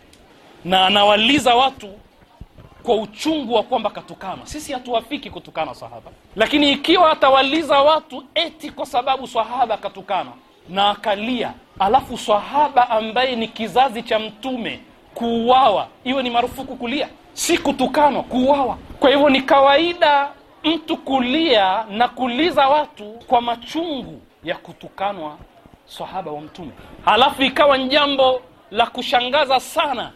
na anawaliza watu kwa uchungu wa kwamba katukana. Sisi hatuwafiki kutukana sahaba, lakini ikiwa atawaliza watu eti kwa sababu sahaba katukana na akalia, alafu sahaba ambaye ni kizazi cha Mtume kuuawa iwe ni marufuku kulia, si kutukanwa, kuuawa. Kwa hivyo ni kawaida mtu kulia na kuliza watu kwa machungu ya kutukanwa sahaba wa Mtume. Halafu ikawa ni jambo la kushangaza sana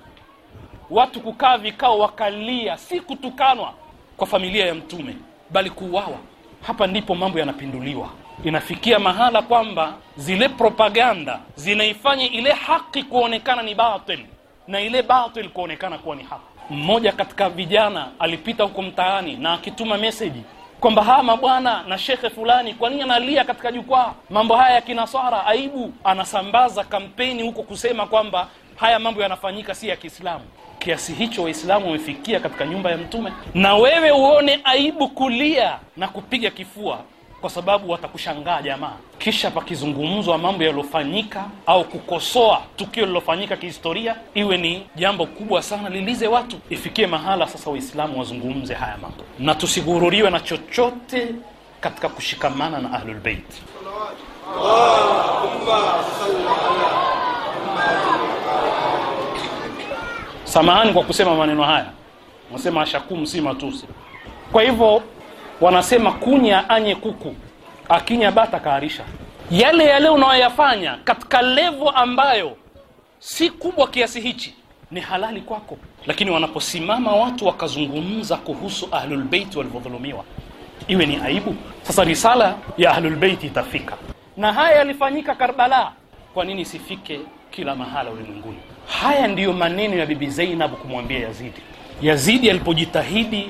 watu kukaa vikao wakalia, si kutukanwa kwa familia ya Mtume bali kuuawa. Hapa ndipo mambo yanapinduliwa. Inafikia mahala kwamba zile propaganda zinaifanya ile haki kuonekana ni batil na ile batil kuonekana kuwa ni haki. Mmoja katika vijana alipita huko mtaani na akituma meseji kwamba haya mabwana na shekhe fulani, kwa nini analia katika jukwaa mambo haya ya kinaswara? Aibu. Anasambaza kampeni huko kusema kwamba haya mambo yanafanyika si ya Kiislamu. Kiasi hicho Waislamu wamefikia katika nyumba ya Mtume, na wewe uone aibu kulia na kupiga kifua kwa sababu watakushangaa jamaa. Kisha pakizungumzwa mambo yaliyofanyika au kukosoa tukio lililofanyika kihistoria, iwe ni jambo kubwa sana lilize watu, ifikie mahala sasa Waislamu wazungumze haya mambo, na tusighururiwe na chochote katika kushikamana na Ahlulbeit. Samahani kwa kusema maneno haya, nasema ashakum si matusi. Kwa hivyo wanasema kunya anye kuku akinya bata kaarisha yale yale unayoyafanya katika levo ambayo si kubwa kiasi hichi ni halali kwako lakini wanaposimama watu wakazungumza kuhusu ahlulbeiti walivyodhulumiwa iwe ni aibu sasa risala ya ahlulbeiti itafika na haya yalifanyika karbala kwa nini isifike kila mahala ulimwenguni haya ndiyo maneno ya bibi zainab kumwambia yazidi yazidi alipojitahidi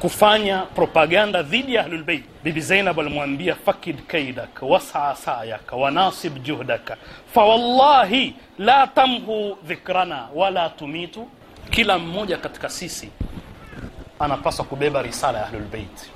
kufanya propaganda dhidi ya Ahlulbeit. Bibi Zainab alimwambia fakid kaidak wasaa sayak wanasib juhdaka fawallahi la tamhu dhikrana wala tumitu. Kila mmoja katika sisi anapaswa kubeba risala ya Ahlulbeit,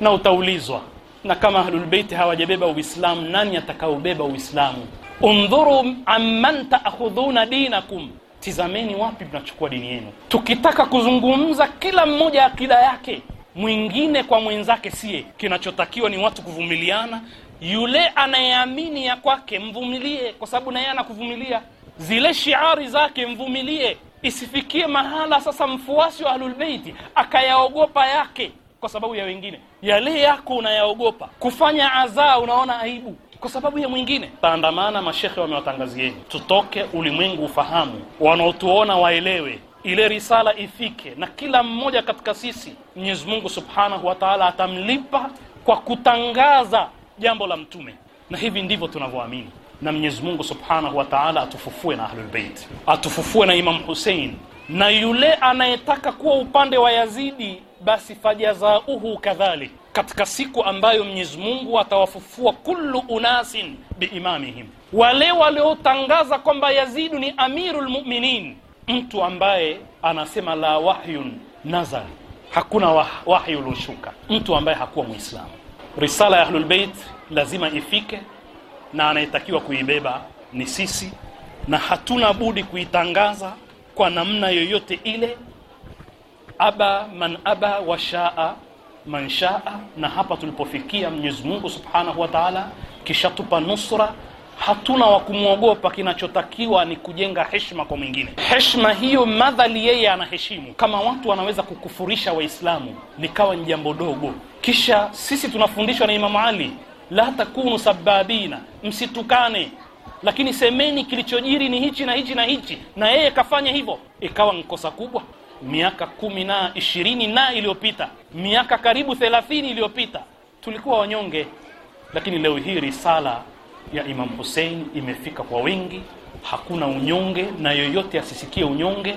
na utaulizwa na kama Ahlulbeiti hawajabeba Uislamu, nani atakaobeba Uislamu? undhuru amman taakhudhuna dinakum tizameni wapi mnachukua dini yenu. Tukitaka kuzungumza kila mmoja akida yake mwingine kwa mwenzake sie, kinachotakiwa ni watu kuvumiliana. Yule anayeamini ya kwake mvumilie, kwa sababu naye anakuvumilia. Zile shiari zake mvumilie, isifikie mahala sasa mfuasi wa Ahlulbeiti akayaogopa yake kwa sababu ya wengine. Yale yako unayaogopa kufanya adhaa, unaona aibu kwa sababu ya mwingine. Taandamana, mashekhe wamewatangazieni, tutoke ulimwengu ufahamu, wanaotuona waelewe ile risala ifike, na kila mmoja katika sisi Mwenyezi Mungu Subhanahu wa Ta'ala atamlipa kwa kutangaza jambo la Mtume, na hivi ndivyo tunavyoamini. Na Mwenyezi Mungu Subhanahu wa Ta'ala atufufue na Ahlulbeit, atufufue na Imam husein na yule anayetaka kuwa upande wa Yazidi, basi fajazauhu kadhalik katika siku ambayo Mwenyezi Mungu atawafufua kullu unasin biimamihim, wale waliotangaza kwamba Yazidu ni amirul mu'minin, mtu ambaye anasema la wahyun nazari, hakuna wah, wahyi ulioshuka, mtu ambaye hakuwa Muislamu. Risala ya Ahlul Bait lazima ifike, na anayetakiwa kuibeba ni sisi, na hatuna budi kuitangaza kwa namna yoyote ile, aba man aba washaa manshaa na hapa tulipofikia Mwenyezi Mungu Subhanahu wa Ta'ala kishatupa nusra hatuna wa kumwogopa. Kinachotakiwa ni kujenga heshima kwa mwingine. Heshima hiyo madhali yeye anaheshimu. Kama watu wanaweza kukufurisha Waislamu likawa ni jambo dogo, kisha sisi tunafundishwa na Imamu Ali, la takunu sababina, msitukane, lakini semeni kilichojiri ni hichi na hichi na hichi, na yeye kafanya hivyo, ikawa nkosa kubwa miaka kumi na ishirini na iliyopita, miaka karibu thelathini iliyopita tulikuwa wanyonge, lakini leo hii risala ya Imam husein imefika kwa wingi Hakuna unyonge na yoyote asisikie unyonge,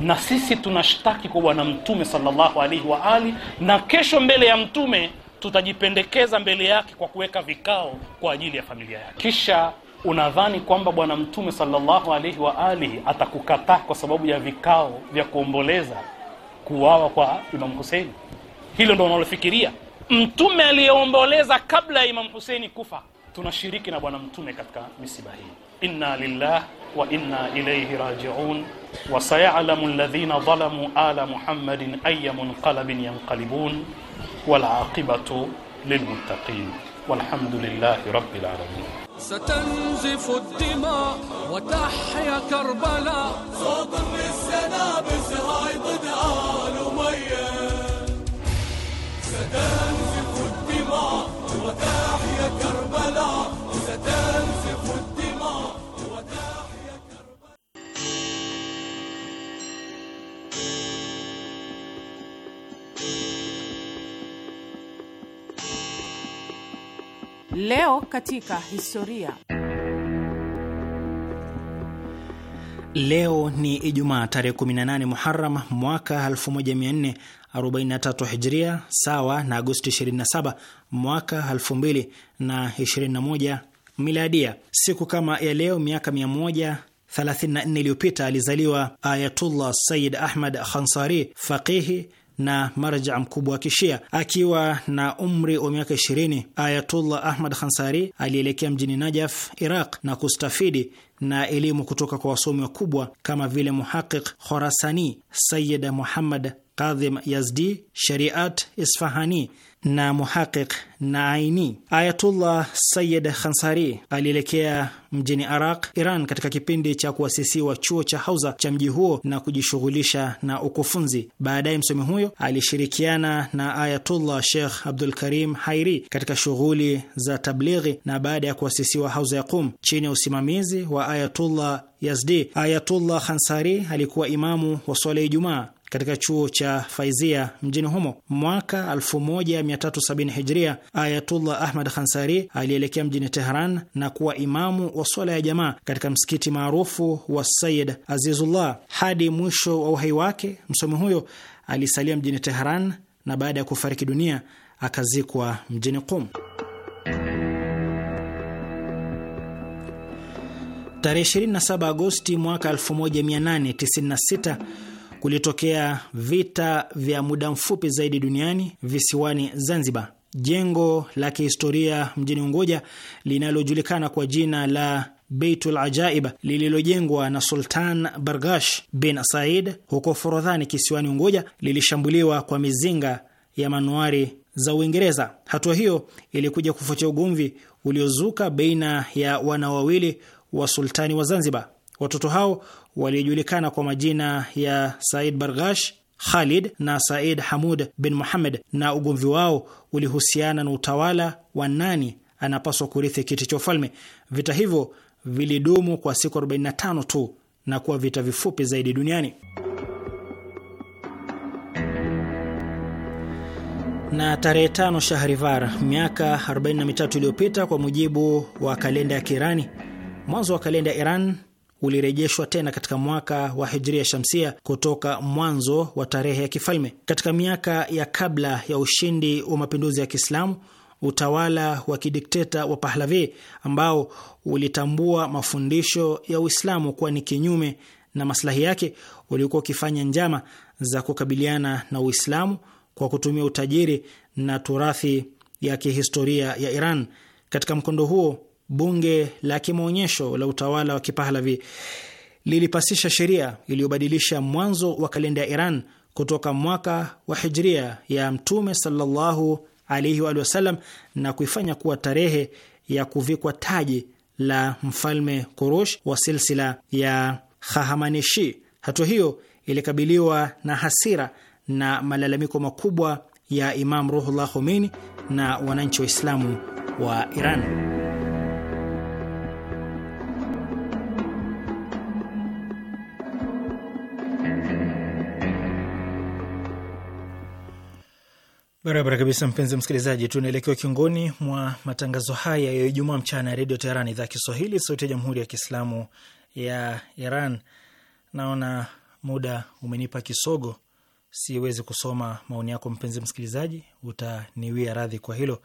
na sisi tunashtaki kwa Bwana Mtume sallallahu alaihi wa ali, na kesho mbele ya Mtume tutajipendekeza mbele yake kwa kuweka vikao kwa ajili ya familia yake kisha unadhani kwamba Bwana Mtume sallallahu alaihi wa alihi atakukataa kwa sababu ya vikao vya kuomboleza kuuawa kwa Imam Huseini? Hilo ndo unalofikiria? Mtume aliyeomboleza kabla ya Imam Huseini kufa. Tunashiriki na Bwana Mtume katika misiba hii. Inna lillah wa inna ilayhi rajiun wa sayalamu alladhina dhalamu ala Muhammadin aya munqalabin yanqalibun wal aqibatu lilmuttaqin walhamdulillahi rabbil alamin. ستنزف الدماء وتحيا كربلاء صوت من السنابس هاي ضد آل أمية ستنزف الدماء وتحيا كربلاء Leo katika historia. Leo ni Ijumaa tarehe 18 Muharam mwaka 1443 Hijria, sawa na Agosti 27 mwaka 2021 Miladia. Siku kama ya leo miaka 134 iliyopita alizaliwa Ayatullah Sayyid Ahmad Khansari, faqihi na marja mkubwa wa Kishia. Akiwa na umri wa miaka 20, Ayatullah Ahmad Khansari alielekea mjini Najaf, Iraq, na kustafidi na elimu kutoka kwa wasomi wakubwa kama vile Muhaqiq Khorasani, Sayid Muhammad Kadhim Yazdi, Shariat Isfahani na Muhaqiq Naaini. Ayatullah sayid Khansari alielekea mjini Araq, Iran, katika kipindi cha kuasisiwa chuo cha Hauza cha mji huo na kujishughulisha na ukufunzi. Baadaye msomi huyo alishirikiana na Ayatullah Sheikh Abdul Karim Hairi katika shughuli za tablighi, na baada ya kuasisiwa Hauza ya Qum chini ya usimamizi wa Ayatullah Yazdi, Ayatullah Khansari alikuwa imamu wa swala ya Ijumaa katika chuo cha Faizia mjini humo. Mwaka 1370 Hijria, Ayatullah Ahmad Khansari alielekea mjini Tehran na kuwa imamu wa swala ya jamaa katika msikiti maarufu wa Sayid Azizullah. Hadi mwisho wa uhai wake, msomi huyo alisalia mjini Tehran na baada ya kufariki dunia akazikwa mjini Qum. Tarehe 27 Agosti mwaka 1896 kulitokea vita vya muda mfupi zaidi duniani visiwani Zanzibar. Jengo la kihistoria mjini Unguja linalojulikana kwa jina la Beitul Ajaib lililojengwa na Sultan Bargash bin Said huko Forodhani kisiwani Unguja lilishambuliwa kwa mizinga ya manuari za Uingereza. Hatua hiyo ilikuja kufuatia ugomvi uliozuka baina ya wana wawili wa sultani wa Zanzibar. Watoto hao waliojulikana kwa majina ya Said Barghash, Khalid na Said Hamud bin Muhammad, na ugomvi wao ulihusiana na utawala wa nani anapaswa kurithi kiti cha ufalme. Vita hivyo vilidumu kwa siku 45 tu na kuwa vita vifupi zaidi duniani. na tarehe tano Shahrivar miaka 43 iliyopita kwa mujibu wa kalenda ya Kirani, mwanzo wa kalenda ya Iran ulirejeshwa tena katika mwaka wa hijria shamsia kutoka mwanzo wa tarehe ya kifalme. Katika miaka ya kabla ya ushindi wa mapinduzi ya Kiislamu, utawala wa kidikteta wa Pahlavi ambao ulitambua mafundisho ya Uislamu kuwa ni kinyume na maslahi yake, ulikuwa ukifanya njama za kukabiliana na Uislamu kwa kutumia utajiri na turathi ya kihistoria ya Iran. Katika mkondo huo bunge la kimaonyesho la utawala wa Kipahlavi lilipasisha sheria iliyobadilisha mwanzo wa kalenda ya Iran kutoka mwaka wa hijria ya Mtume sallallahu alaihi wa sallam na kuifanya kuwa tarehe ya kuvikwa taji la mfalme Kurush wa silsila ya Khahamaneshi. Hatua hiyo ilikabiliwa na hasira na malalamiko makubwa ya Imam Ruhullah Khomeini na wananchi Waislamu wa Iran. Barabara kabisa, mpenzi msikilizaji, tunaelekewa kiongoni mwa matangazo haya ya Ijumaa mchana ya Redio Teheran, idhaa Kiswahili, sauti ya Jamhuri ya Kiislamu ya Iran. Naona muda umenipa kisogo, siwezi kusoma maoni yako mpenzi msikilizaji, utaniwia radhi kwa hilo,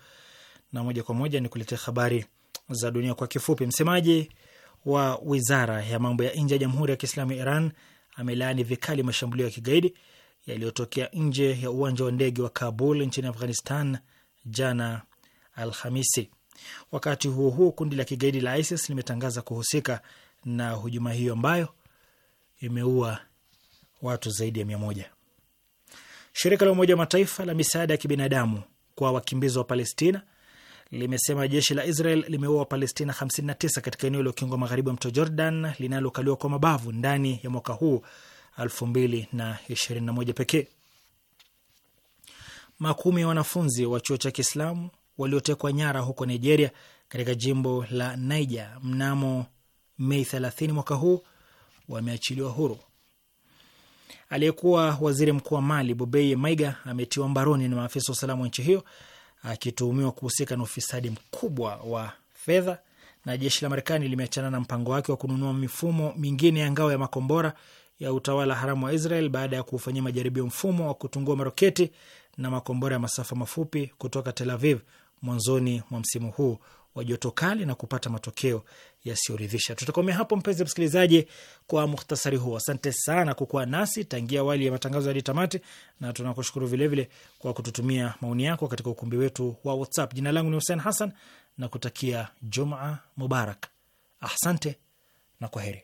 na moja kwa moja ni kuletea habari za dunia kwa kifupi. Msemaji wa wizara ya mambo ya nje ya Jamhuri ya Kiislamu ya Iran amelaani vikali mashambulio ya kigaidi yaliyotokea nje ya uwanja wa ndege wa Kabul nchini Afghanistan jana Alhamisi. Wakati huo huo, kundi la kigaidi la ISIS limetangaza kuhusika na hujuma hiyo ambayo imeua watu zaidi ya mia moja. Shirika la Umoja wa Mataifa la misaada ya kibinadamu kwa wakimbizi wa Palestina limesema jeshi la Israel limeua Wapalestina 59 katika eneo la ukingo magharibi wa mto Jordan linalokaliwa kwa mabavu ndani ya mwaka huu 2021 pekee. Makumi ya wanafunzi wa chuo cha Kiislamu waliotekwa nyara huko Nigeria katika jimbo la Niger mnamo Mei 30 mwaka huu wameachiliwa huru. Aliyekuwa waziri mkuu wa Mali Bobeye Maiga ametiwa mbaroni na maafisa wa usalama wa nchi hiyo akituhumiwa kuhusika na ufisadi mkubwa wa fedha. Na jeshi la Marekani limeachana na mpango wake wa kununua mifumo mingine ya ngao ya makombora ya utawala haramu wa Israel baada ya kuufanyia majaribio mfumo wa kutungua maroketi na makombora ya masafa mafupi kutoka Tel Aviv mwanzoni mwa msimu huu wa joto kali na kupata matokeo yasiyoridhisha. Tutakomea hapo mpenzi msikilizaji, kwa muhtasari huo. Asante sana kukuwa nasi tangia awali ya matangazo hadi tamati, na tunakushukuru vilevile kwa kututumia maoni yako katika ukumbi wetu wa WhatsApp. Jina langu ni Hussein Hassan na kutakia Jumaa Mubarak. Asante na kwa heri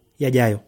yajayo.